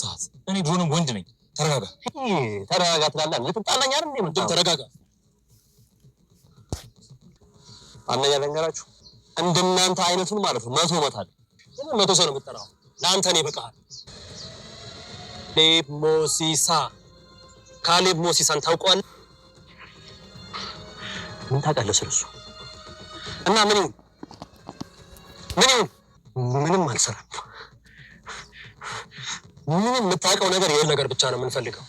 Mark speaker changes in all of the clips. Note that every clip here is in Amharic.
Speaker 1: ሰዓት እኔ ድሮንም ወንድ ነኝ። ተረጋጋ፣
Speaker 2: ተረጋጋ ትላለህ። ልትጣላኝ አይደል እንዴ? ምንድን ተረጋጋ። አንደኛ ልንገራችሁ፣ እንደናንተ አይነቱን ማለት ነው መቶ መታል መቶ ሰው ነው የምጠራው። ለአንተ እኔ በቃል ካሌብ ሞሲሳ፣ ካሌብ ሞሲሳን ታውቀዋል? ምን ታውቃለህ ስለሱ? እና ምን ይሁን ምን ይሁን ምንም አልሰራም። ምንም የምታውቀው ነገር ይሄን ነገር ብቻ ነው የምንፈልገው።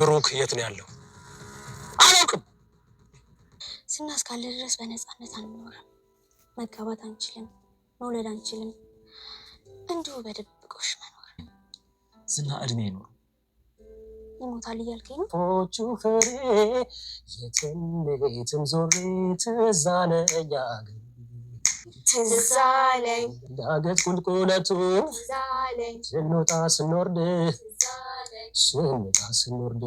Speaker 2: ብሩክ የት ነው ያለው? አላውቅም።
Speaker 3: ስናስ ካለ ድረስ በነፃነት አንኖርም። መጋባት አንችልም፣ መውለድ አንችልም፣ እንዲሁ በድብቆሽ መኖር።
Speaker 2: ስና እድሜ ነው
Speaker 3: ይሞታል እያልከኝ ነው?
Speaker 2: ቶቹ ፍሬ የትም ቤትም ዞሬ ትዛነኛ
Speaker 4: ትዝ አለኝ
Speaker 2: ዳገት ቁልቁለቱ ስንወጣ ስንወርድ ስንወጣ ስንወርድ።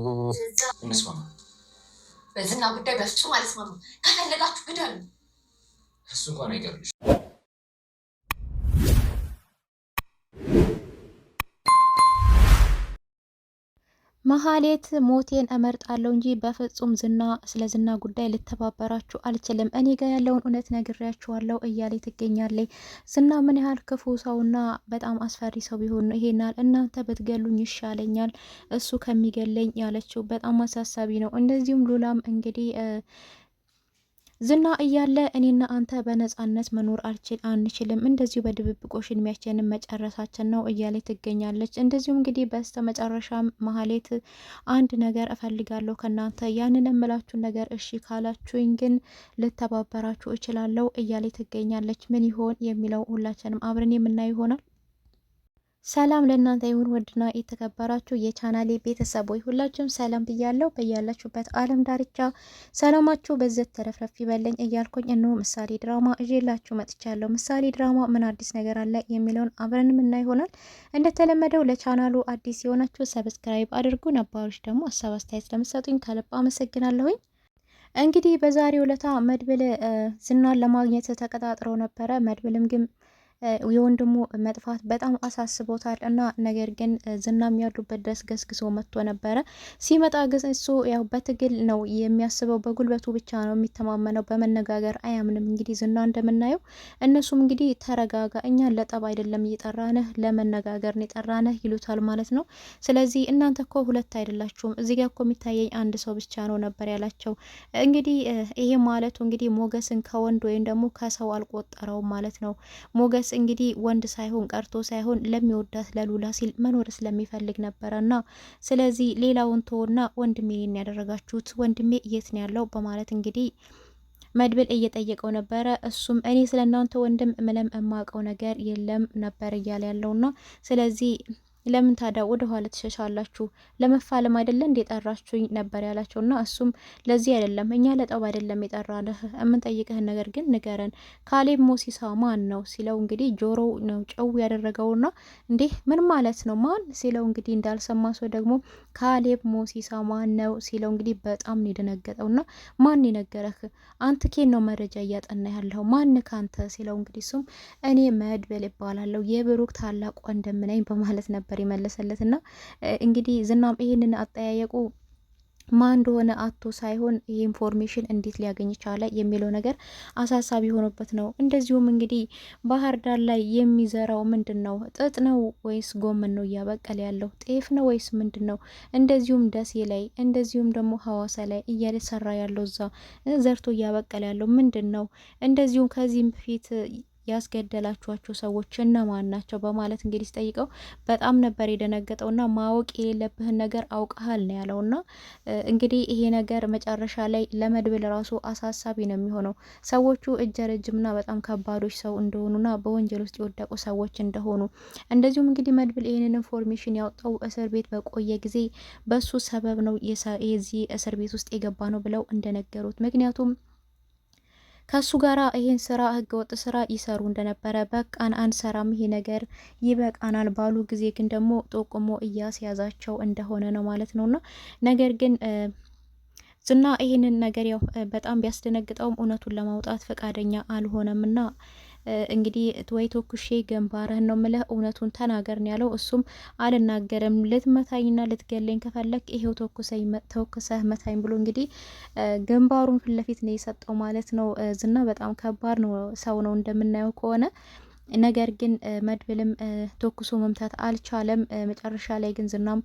Speaker 3: በዝና ጉዳይ በፍጹም አልስማማም። ከፈለጋችሁ ግደሉ።
Speaker 2: እሱ እንኳን አይገርምሽ
Speaker 5: መሀሌት ሞቴን እመርጣለሁ እንጂ በፍጹም ዝና ስለ ዝና ጉዳይ ልተባበራችሁ አልችልም። እኔ ጋ ያለውን እውነት ነግሬያችኋለሁ እያለ ትገኛለች። ዝና ምን ያህል ክፉ ሰውና በጣም አስፈሪ ሰው ቢሆን ነው ይሄናል። እናንተ ብትገሉኝ ይሻለኛል እሱ ከሚገለኝ ያለችው በጣም አሳሳቢ ነው። እንደዚሁም ሉላም እንግዲህ ዝና እያለ እኔና አንተ በነጻነት መኖር አልችል አንችልም፣ እንደዚሁ በድብብቆሽ እድሜያችንን መጨረሳችን ነው እያለች ትገኛለች። እንደዚሁም እንግዲህ በስተ መጨረሻ መሀሌት አንድ ነገር እፈልጋለሁ ከእናንተ ያንን የምላችሁን ነገር እሺ ካላችሁኝ ግን ልተባበራችሁ እችላለሁ እያለች ትገኛለች። ምን ይሆን የሚለው ሁላችንም አብረን የምናየው ይሆናል። ሰላም ለእናንተ ይሁን ውድና የተከበራችሁ የቻናሌ ቤተሰቦች ሁላችሁም ሰላም ብያለሁ። በያላችሁበት አለም ዳርቻ ሰላማችሁ በዘት ተረፍረፍ ይበለኝ እያልኩኝ እነሆ ምሳሌ ድራማ እዤላችሁ መጥቻለሁ። ምሳሌ ድራማ ምን አዲስ ነገር አለ የሚለውን አብረን ምና ይሆናል። እንደተለመደው ለቻናሉ አዲስ የሆናችሁ ሰብስክራይብ አድርጉ፣ ነባሮች ደግሞ ሀሳብ አስተያየት ስለምሰጡኝ ከልብ አመሰግናለሁኝ። እንግዲህ በዛሬው ዕለት መድብል ዝናን ለማግኘት ተቀጣጥረው ነበረ። መድብልም ግን የወንድሙ መጥፋት በጣም አሳስቦታል እና ነገር ግን ዝናም ያሉበት ድረስ ገስግሶ መጥቶ ነበረ። ሲመጣ ግን እሱ ያው በትግል ነው የሚያስበው፣ በጉልበቱ ብቻ ነው የሚተማመነው፣ በመነጋገር አያምንም። እንግዲህ ዝና እንደምናየው እነሱም እንግዲህ ተረጋጋ፣ እኛን ለጠብ አይደለም እየጠራነህ ለመነጋገር ነው የጠራነህ ይሉታል ማለት ነው። ስለዚህ እናንተ እኮ ሁለት አይደላችሁም፣ እዚህ ጋ እኮ የሚታየኝ አንድ ሰው ብቻ ነው ነበር ያላቸው። እንግዲህ ይሄ ማለቱ እንግዲህ ሞገስን ከወንድ ወይም ደግሞ ከሰው አልቆጠረውም ማለት ነው ሞገስ እንግዲህ ወንድ ሳይሆን ቀርቶ ሳይሆን ለሚወዳት ለሉላ ሲል መኖር ስለሚፈልግ ነበረና ስለዚህ ሌላውን ተወና ወንድሜ ይህን ያደረጋችሁት ወንድሜ የት ነው ያለው በማለት እንግዲህ መድብል እየጠየቀው ነበረ። እሱም እኔ ስለ እናንተ ወንድም ምንም የማውቀው ነገር የለም ነበር እያለ ያለውና ስለዚህ ለምን ታዲያ ወደ ኋላ ትሸሻላችሁ? ለመፋለም አይደለ እንዴ ጠራችሁኝ ነበር ያላቸውና እሱም ለዚህ አይደለም እኛ ለጠብ አይደለም የጠራንህ የምንጠይቅህን ነገር ግን ንገረን፣ ካሌብ ሞሲሳ ማን ነው ሲለው እንግዲህ ጆሮ ነው ጨው ያደረገውና እንዴ ምን ማለት ነው ማን ሲለው እንግዲህ እንዳልሰማ ሰው ደግሞ ካሌብ ሞሲሳ ማን ነው ሲለው እንግዲህ በጣም ነው የደነገጠውና ማን የነገረህ አንተ ኬን ነው መረጃ እያጠና ያለው ማን ካንተ ሲለው እንግዲህ እሱም እኔ መድበል ይባላለሁ የብሩክ ታላቅ ወንድም ነኝ በማለት ነበር ነበር የመለሰለት። ና እንግዲህ ዝናም ይሄንን አጠያየቁ ማን እንደሆነ አቶ ሳይሆን ይህ ኢንፎርሜሽን እንዴት ሊያገኝ ቻለ የሚለው ነገር አሳሳቢ የሆነበት ነው። እንደዚሁም እንግዲህ ባህር ዳር ላይ የሚዘራው ምንድን ነው? ጥጥ ነው ወይስ ጎመን ነው እያበቀለ ያለው? ጤፍ ነው ወይስ ምንድን ነው? እንደዚሁም ደሴ ላይ እንደዚሁም ደግሞ ሀዋሳ ላይ እየሰራ ያለው እዛ ዘርቶ እያበቀለ ያለው ምንድን ነው? እንደዚሁም ከዚህም በፊት ያስገደላችኋቸው ሰዎች እነማን ናቸው? በማለት እንግዲህ ሲጠይቀው በጣም ነበር የደነገጠውና ማወቅ የሌለብህን ነገር አውቀሃል ነው ያለውና እንግዲህ ይሄ ነገር መጨረሻ ላይ ለመድብል ራሱ አሳሳቢ ነው የሚሆነው። ሰዎቹ እጀ ረጅምና በጣም ከባዶች ሰው እንደሆኑና በወንጀል ውስጥ የወደቁ ሰዎች እንደሆኑ እንደዚሁም እንግዲህ መድብል ይህንን ኢንፎርሜሽን ያወጣው እስር ቤት በቆየ ጊዜ በሱ ሰበብ ነው የዚህ እስር ቤት ውስጥ የገባ ነው ብለው እንደነገሩት ምክንያቱም ከሱ ጋራ ይሄን ስራ ህገወጥ ስራ ይሰሩ እንደነበረ በቃን አንሰራም፣ ይሄ ነገር ይበቃናል ባሉ ጊዜ ግን ደግሞ ጠቁሞ እያስያዛቸው እንደሆነ ነው ማለት ነውና ነገር ግን ዝና ይህንን ነገር ያው በጣም ቢያስደነግጠውም እውነቱን ለማውጣት ፈቃደኛ አልሆነምና እንግዲህ ወይ ተኩሼ ግንባርህን ነው ምለህ እውነቱን ተናገርን ያለው። እሱም አልናገርም፣ ልትመታኝና ልትገለኝ ከፈለክ ይሄው ተኩሰህ መታኝ ብሎ እንግዲህ ግንባሩን ፊት ነው የሰጠው ማለት ነው። ዝና በጣም ከባድ ነው ሰው ነው እንደምናየው ከሆነ ነገር ግን መድብልም ተኩሶ መምታት አልቻለም። መጨረሻ ላይ ግን ዝናም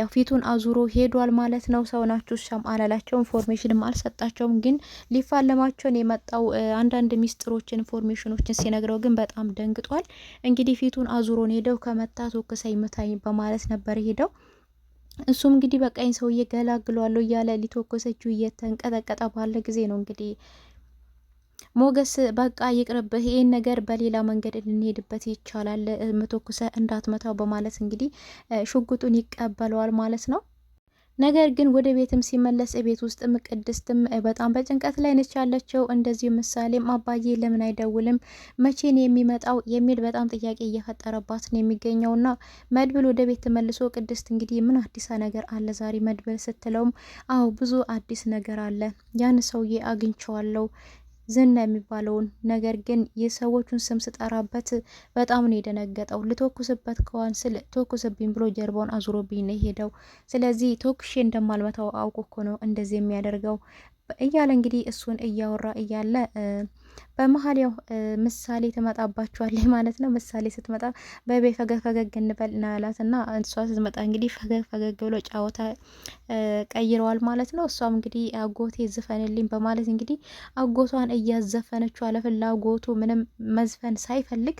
Speaker 5: ያው ፊቱን አዙሮ ሄዷል ማለት ነው። ሰው ናችሁ ሻም አላላቸው፣ ኢንፎርሜሽንም አልሰጣቸውም። ግን ሊፋለማቸውን የመጣው አንዳንድ ሚስጥሮችን ኢንፎርሜሽኖችን ሲነግረው ግን በጣም ደንግጧል። እንግዲህ ፊቱን አዙሮን ሄደው ከመታ ቶክሳይ ምታኝ በማለት ነበር ሄደው እሱም እንግዲህ በቃኝ ሰውዬ ገላግሏለሁ እያለ ሊተኮሰችው እየተንቀጠቀጠ ባለ ጊዜ ነው እንግዲህ ሞገስ በቃ ይቅርብህ፣ ይህን ነገር በሌላ መንገድ ልንሄድበት ይቻላል፣ ምትኩሰ እንዳትመታው በማለት እንግዲህ ሽጉጡን ይቀበለዋል ማለት ነው። ነገር ግን ወደ ቤትም ሲመለስ ቤት ውስጥም ቅድስትም በጣም በጭንቀት ላይ ነች ያለችው። እንደዚሁ ምሳሌም አባዬ ለምን አይደውልም መቼን የሚመጣው የሚል በጣም ጥያቄ እየፈጠረባት ነው ና መድብል ወደ ቤት ተመልሶ ቅድስት እንግዲህ ምን አዲስ ነገር አለ ዛሬ መድብል ስትለውም፣ አዎ ብዙ አዲስ ነገር አለ ያን ሰውዬ አግኝቸዋለው። ዝና የሚባለውን ነገር ግን የሰዎቹን ስም ስጠራበት በጣም ነው የደነገጠው። ልተኩስበት ከዋን ስል ተኩስብኝ ብሎ ጀርባውን አዙሮብኝ ነው የሄደው። ስለዚህ ተኩሼ እንደማልመታው አውቆ እኮ ነው እንደዚህ የሚያደርገው እያለ እንግዲህ እሱን እያወራ እያለ በመሀል ያው ምሳሌ ትመጣባችኋለች ማለት ነው። ምሳሌ ስትመጣ በቤ ፈገግ ፈገግ እንበል ናላት እና እሷ ስትመጣ እንግዲህ ፈገግ ፈገግ ብሎ ጫወታ ቀይረዋል ማለት ነው። እሷም እንግዲህ አጎቴ ዝፈንልኝ በማለት እንግዲህ አጎቷን እያዘፈነችው አለፍላጎቱ ምንም መዝፈን ሳይፈልግ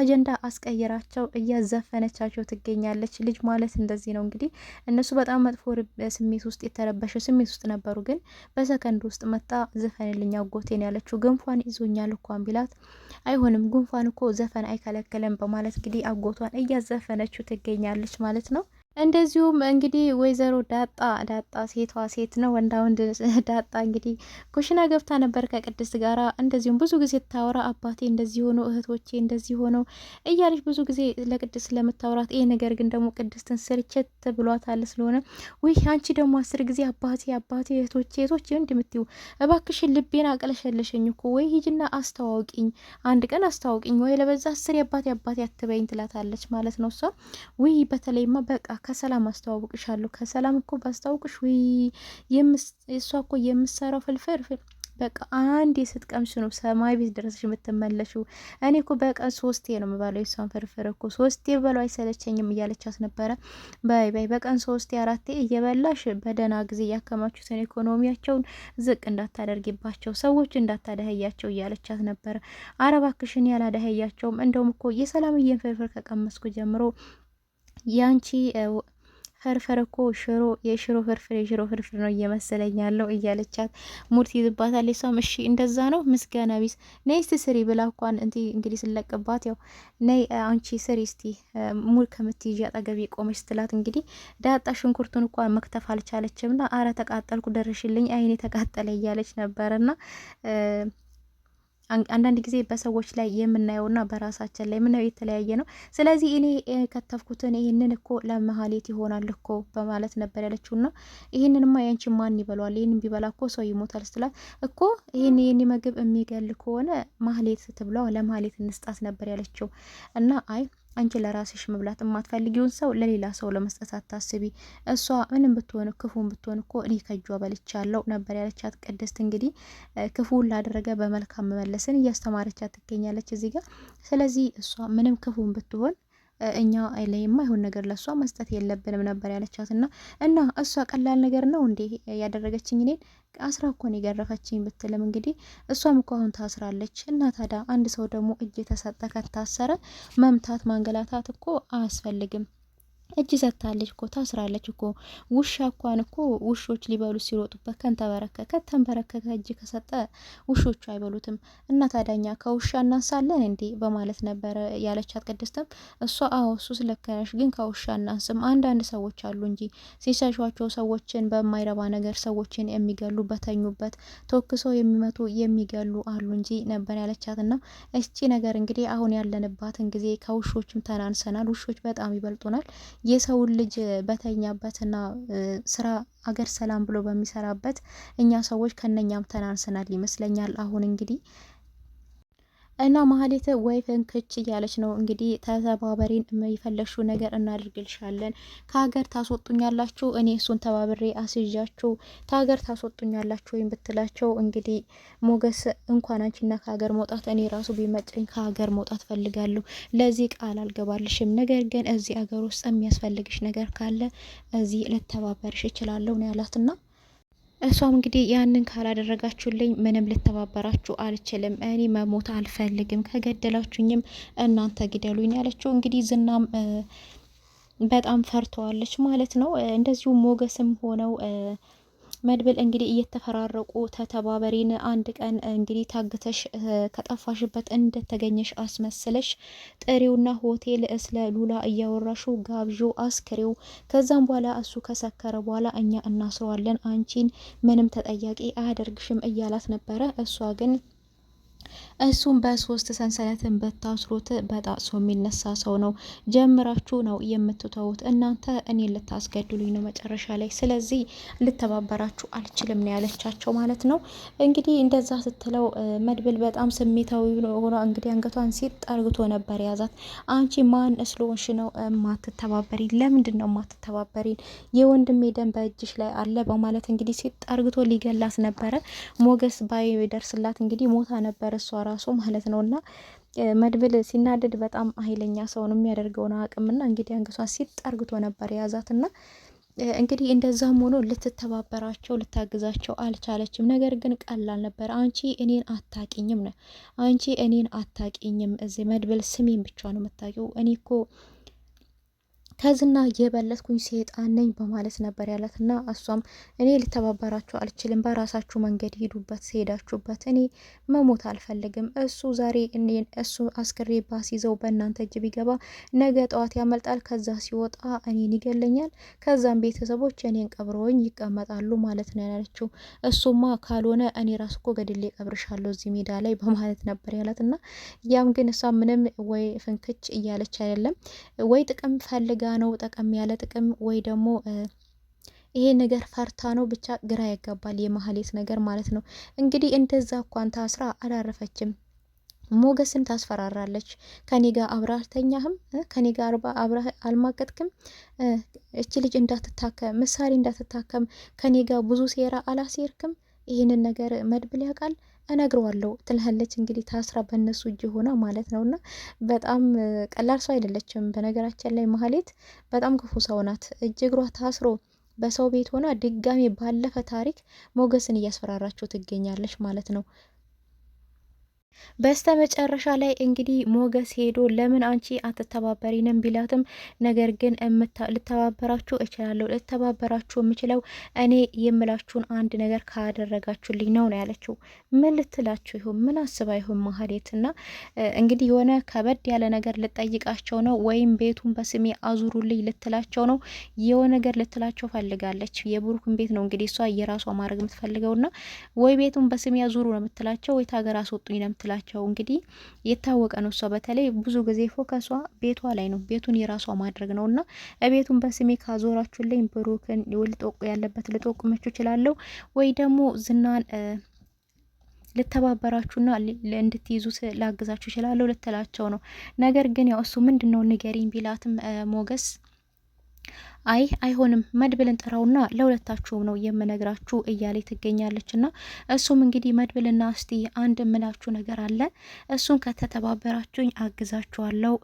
Speaker 5: አጀንዳ አስቀይራቸው እያዘፈነቻቸው ትገኛለች። ልጅ ማለት እንደዚህ ነው እንግዲህ። እነሱ በጣም መጥፎ ስሜት ውስጥ የተረበሸ ስሜት ውስጥ ነበሩ፣ ግን በሰከንድ ውስጥ መጣ ዝፈንልኝ አጎቴን ያለችው ግንፏን ይዞኛል እኳን ቢላት አይሆንም ጉንፋን እኮ ዘፈን አይከለክልም በማለት እንግዲህ አጎቷን እያዘፈነችው ትገኛለች ማለት ነው። እንደዚሁም እንግዲህ ወይዘሮ ዳጣ ዳጣ ሴቷ ሴት ነው ወንዳ ወንድ ዳጣ እንግዲህ ኩሽና ገብታ ነበር ከቅድስት ጋራ። እንደዚሁም ብዙ ጊዜ ታወራ አባቴ እንደዚህ ሆኖ እህቶቼ እንደዚህ ሆኖ እያለች ብዙ ጊዜ ለቅድስት ለምታወራት ይሄ ነገር ግን ደግሞ ቅድስትን ስርችት ብሏታል። ስለሆነ ውይ አንቺ ደግሞ አስር ጊዜ አባቴ አባቴ እህቶቼ እህቶቼ እንደምትዩ እባክሽን ልቤን አቅለሸለሸኝ እኮ ወይ ሂጅና አስተዋውቂኝ፣ አንድ ቀን አስተዋውቂኝ ወይ ለበዛ አስር የአባቴ አባቴ አትበይኝ ትላታለች ማለት ነው እሷ ውይ በተለይማ በቃ ከሰላም አስተዋውቅሻለሁ። ከሰላም እኮ ባስተዋውቅሽ ወይ እሷ እኮ የምሰራው ፍልፍል በቃ አንዴ ስትቀምሽ ነው ሰማይ ቤት ደረሰሽ የምትመለሽው። እኔ እኮ በቀን ሶስቴ ነው ባለው የሷን ፍርፍር እኮ ሶስቴ በለው አይሰለቸኝም እያለቻት ነበረ። በይ በይ በቀን ሶስቴ አራቴ እየበላሽ በደህና ጊዜ እያከማቹትን ኢኮኖሚያቸውን ዝቅ እንዳታደርጊባቸው፣ ሰዎች እንዳታደህያቸው እያለቻት ነበረ። አረባክሽን ያላደህያቸውም እንደውም እኮ የሰላምዬን ፍርፍር ከቀመስኩ ጀምሮ ያንቺ ፍርፍር እኮ ሽሮ የሽሮ ፍርፍር የሽሮ ፍርፍር ነው እየመሰለኝ ያለው እያለቻት ሙድ ትይዝባታል። እሷም እሺ እንደዛ ነው ምስጋና ቢስ ነይ እስቲ ስሪ ብላ እንኳን እንቲ እንግዲህ ስለቀባት ያው ነይ አንቺ ስሪ እስቲ ሙድ ከምትይዥ አጠገብ የቆመች ስትላት እንግዲህ ዳጣ ሽንኩርቱን እንኳን መክተፍ አልቻለችም ና አረ ተቃጠልኩ ደረሽልኝ አይኔ ተቃጠለ እያለች ነበረና አንዳንድ ጊዜ በሰዎች ላይ የምናየውና በራሳችን ላይ የምናየው የተለያየ ነው። ስለዚህ እኔ የከተፍኩትን ይህንን እኮ ለመሀሌት ይሆናል እኮ በማለት ነበር ያለችው። ና ይህንንማ ያንቺ ማን ይበሏል? ይህን ቢበላ እኮ ሰው ይሞታል ስትላት እኮ ይህን ይህን ምግብ የሚገል ከሆነ ማህሌት ስትብላው ለማህሌት እንስጣት ነበር ያለችው እና አይ አንቺ ለራስሽ መብላት የማትፈልጊውን ሰው ለሌላ ሰው ለመስጠት አታስቢ። እሷ ምንም ብትሆን ክፉን ብትሆን እኮ እኔ ከጇ በልቻለሁ ነበር ያለቻት ቅድስት። እንግዲህ ክፉን ላደረገ በመልካም መመለስን እያስተማረቻት ትገኛለች እዚህ ጋር። ስለዚህ እሷ ምንም ክፉን ብትሆን እኛ ላይ የማይሆን ነገር ለእሷ መስጠት የለብንም ነበር ያለቻት እና እና እሷ ቀላል ነገር ነው እንዴ ያደረገችኝ እኔን አስራ እኮ ነው የገረፈችኝ ብትልም እንግዲህ እሷም እኮ አሁን ታስራለች። እና ታዲያ አንድ ሰው ደግሞ እጅ የተሰጠ ከታሰረ መምታት ማንገላታት እኮ አያስፈልግም። እጅ ሰጥታለች እኮ ታስራለች እኮ ውሻ እንኳን እኮ ውሾች ሊበሉ ሲሮጡበት ከተንበረከከ ተንበረከከ እጅ ከሰጠ ውሾቹ አይበሉትም። እና ታዳኛ ከውሻ እናንሳለን እንዴ በማለት ነበረ ያለቻት ቅድስትም እሷ አዎ እሱ ስለከነሽ ግን ከውሻ እናንስም። አንዳንድ ሰዎች አሉ እንጂ ሲሰሿቸው ሰዎችን በማይረባ ነገር ሰዎችን የሚገሉ በተኙበት ተወክሰው የሚመቱ የሚገሉ አሉ እንጂ ነበር ያለቻት። እና እስቺ ነገር እንግዲህ አሁን ያለንባትን ጊዜ ከውሾችም ተናንሰናል። ውሾች በጣም ይበልጡናል። የሰውን ልጅ በተኛበትና ስራ አገር ሰላም ብሎ በሚሰራበት እኛ ሰዎች ከነኛም ተናንሰናል ይመስለኛል። አሁን እንግዲህ እና ማህሌት ወይ ፍንክች እያለች ነው እንግዲህ ተተባበሪን የሚፈለግሽው ነገር እናድርግልሻለን። ከሀገር ታስወጡኛላችሁ፣ እኔ እሱን ተባብሬ አስይዣችሁ ከሀገር ታስወጡኛላችሁ ወይም ብትላቸው እንግዲህ ሞገስ እንኳን አንቺና ከሀገር መውጣት እኔ ራሱ ቢመጨኝ ከሀገር መውጣት ፈልጋለሁ። ለዚህ ቃል አልገባልሽም፣ ነገር ግን እዚህ ሀገር ውስጥ የሚያስፈልግሽ ነገር ካለ እዚህ ልተባበርሽ እችላለሁ ነው ያላትና እሷም እንግዲህ ያንን ካላደረጋችሁልኝ ምንም ልተባበራችሁ አልችልም፣ እኔ መሞት አልፈልግም፣ ከገደላችሁኝም እናንተ ግደሉኝ ያለችው እንግዲህ ዝናም በጣም ፈርተዋለች ማለት ነው። እንደዚሁ ሞገስም ሆነው መድብል እንግዲህ እየተፈራረቁ ተተባበሪን፣ አንድ ቀን እንግዲህ ታግተሽ ከጠፋሽበት እንደተገኘሽ አስመስለሽ ጥሪውና ሆቴል ስለ ሉላ እያወራሹ ጋብዦ አስክሬው። ከዛም በኋላ እሱ ከሰከረ በኋላ እኛ እናስረዋለን፣ አንቺን ምንም ተጠያቂ አያደርግሽም እያላት ነበረ እሷ ግን እሱም በሶስት ሰንሰለትን በታስሮት በጣሶ የሚነሳ ሰው ነው። ጀምራችሁ ነው የምትተውት እናንተ እኔን ልታስገድሉኝ ነው መጨረሻ ላይ፣ ስለዚህ ልተባበራችሁ አልችልም ነው ያለቻቸው ማለት ነው። እንግዲህ እንደዛ ስትለው መድብል በጣም ስሜታዊ ሆኖ እንግዲህ አንገቷን ሲጥ አርግቶ ነበር የያዛት። አንቺ ማን እስሎንሽ ነው ማትተባበሪ? ለምንድን ነው ማትተባበሪ? የወንድሜ ደም በእጅሽ ላይ አለ በማለት እንግዲህ ሲጥ አርግቶ ሊገላት ነበረ። ሞገስ ባይደርስላት እንግዲህ ሞታ ነበር እሷ ራሱ ማለት ነው። እና መድብል ሲናደድ በጣም ኃይለኛ ሰውን የሚያደርገውን አቅምና እንግዲህ አንገቷ ሲጠርግቶ ነበር የያዛትና እንግዲህ እንደዛም ሆኖ ልትተባበራቸው ልታግዛቸው አልቻለችም። ነገር ግን ቀላል ነበር። አንቺ እኔን አታቂኝም ነ አንቺ እኔን አታቂኝም እዚህ መድብል ስሜን ብቻ ነው የምታቂው እኔ እኮ ከዝና የበለጥኩኝ ሴጣን ነኝ በማለት ነበር ያላት እና እሷም እኔ ልተባበራችሁ አልችልም፣ በራሳችሁ መንገድ ሄዱበት ሄዳችሁበት፣ እኔ መሞት አልፈልግም። እሱ ዛሬ እኔን እሱ አስክሬ ባስይዘው በእናንተ እጅ ቢገባ ነገ ጠዋት ያመልጣል፣ ከዛ ሲወጣ እኔን ይገለኛል፣ ከዛም ቤተሰቦች እኔን ቀብረውኝ ይቀመጣሉ ማለት ነው ያለችው። እሱማ ካልሆነ እኔ ራስ እኮ ገድሌ ቀብርሻለሁ እዚህ ሜዳ ላይ በማለት ነበር ያላት እና ያም ግን እሷ ምንም ወይ ፍንክች እያለች አይደለም ወይ ጥቅም ፈልጋ ፈልጋ ነው ጠቀም ያለ ጥቅም ወይ ደግሞ ይሄ ነገር ፈርታ ነው ብቻ ግራ ያጋባል። የማህሌት ነገር ማለት ነው። እንግዲህ እንደዛ እንኳን ታስራ አላረፈችም። ሞገስን ታስፈራራለች። ከኔ ጋር አብረህ አልተኛህም፣ ከኔ ጋር አብረህ አልማቀጥክም፣ እቺ ልጅ እንዳትታከም ምሳሌ እንዳትታከም ከኔ ጋር ብዙ ሴራ አላሴርክም። ይህንን ነገር መድብል ያውቃል። እነግረዋለሁ ትልሃለች። እንግዲህ ታስራ በእነሱ እጅ ሆና ማለት ነው። እና በጣም ቀላል ሰው አይደለችም። በነገራችን ላይ ማህሌት በጣም ክፉ ሰው ናት። እጅ እግሯ ታስሮ በሰው ቤት ሆና ድጋሜ ባለፈ ታሪክ ሞገስን እያስፈራራቸው ትገኛለች ማለት ነው። በስተ መጨረሻ ላይ እንግዲህ ሞገስ ሄዶ ለምን አንቺ አትተባበሪንም ቢላትም ነገር ግን ልተባበራችሁ እችላለሁ፣ ልተባበራችሁ የምችለው እኔ የምላችሁን አንድ ነገር ካደረጋችሁልኝ ነው ነው ያለችው። ምን ልትላችሁ ይሁን? ምን አስባ ይሁን? ማህሌት እና እንግዲህ የሆነ ከበድ ያለ ነገር ልጠይቃቸው ነው ወይም ቤቱን በስሜ አዙሩልኝ ልትላቸው ነው። የሆነ ነገር ልትላቸው ፈልጋለች። የብሩክን ቤት ነው እንግዲህ እሷ የራሷ ማድረግ የምትፈልገውና ወይ ቤቱን በስሜ አዙሩ ነው የምትላቸው ወይ ታገር አስወጡኝ ነው ስትላቸው እንግዲህ የታወቀ ነው። እሷ በተለይ ብዙ ጊዜ ፎከሷ ቤቷ ላይ ነው፣ ቤቱን የራሷ ማድረግ ነው እና ቤቱን በስሜ ካዞራችሁልኝ ብሩክን ልጦቁ ያለበት ልጦቁመችሁ እችላለሁ ወይ ደግሞ ዝናን ልተባበራችሁና እንድትይዙት ላግዛችሁ እችላለሁ ልትላቸው ነው። ነገር ግን ያው እሱ ምንድን ነው ንገሪኝ ቢላትም ሞገስ አይ አይሆንም፣ መድብልን ጥራውና ለሁለታችሁም ነው የምነግራችሁ እያለ ትገኛለች። ና እሱም እንግዲህ መድብልና እስቲ አንድ የምላችሁ ነገር አለ፣ እሱን ከተተባበራችሁኝ አግዛችኋለሁ፣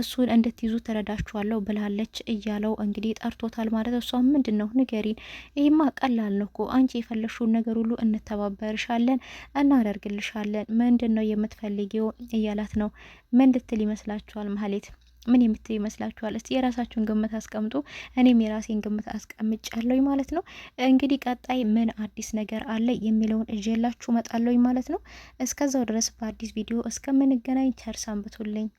Speaker 5: እሱን እንድትይዙ ትረዳችኋለሁ ብላለች እያለው እንግዲህ ጠርቶታል ማለት። እሷ ምንድን ነው ንገሪን፣ ይህማ ቀላል ነው እኮ አንቺ የፈለግሽውን ነገር ሁሉ እንተባበርሻለን፣ እናደርግልሻለን፣ ምንድን ነው የምትፈልጊው እያላት ነው። ምን ልትል ይመስላችኋል ማህሌት? ምን የምትል ይመስላችኋል? እስቲ የራሳችሁን ግምት አስቀምጡ። እኔም የራሴን ግምት አስቀምጫለሁኝ ማለት ነው። እንግዲህ ቀጣይ ምን አዲስ ነገር አለ የሚለውን እዤላችሁ እመጣለሁ ማለት ነው። እስከዛው ድረስ በአዲስ ቪዲዮ እስከምንገናኝ ቸር ሰንብቱልኝ።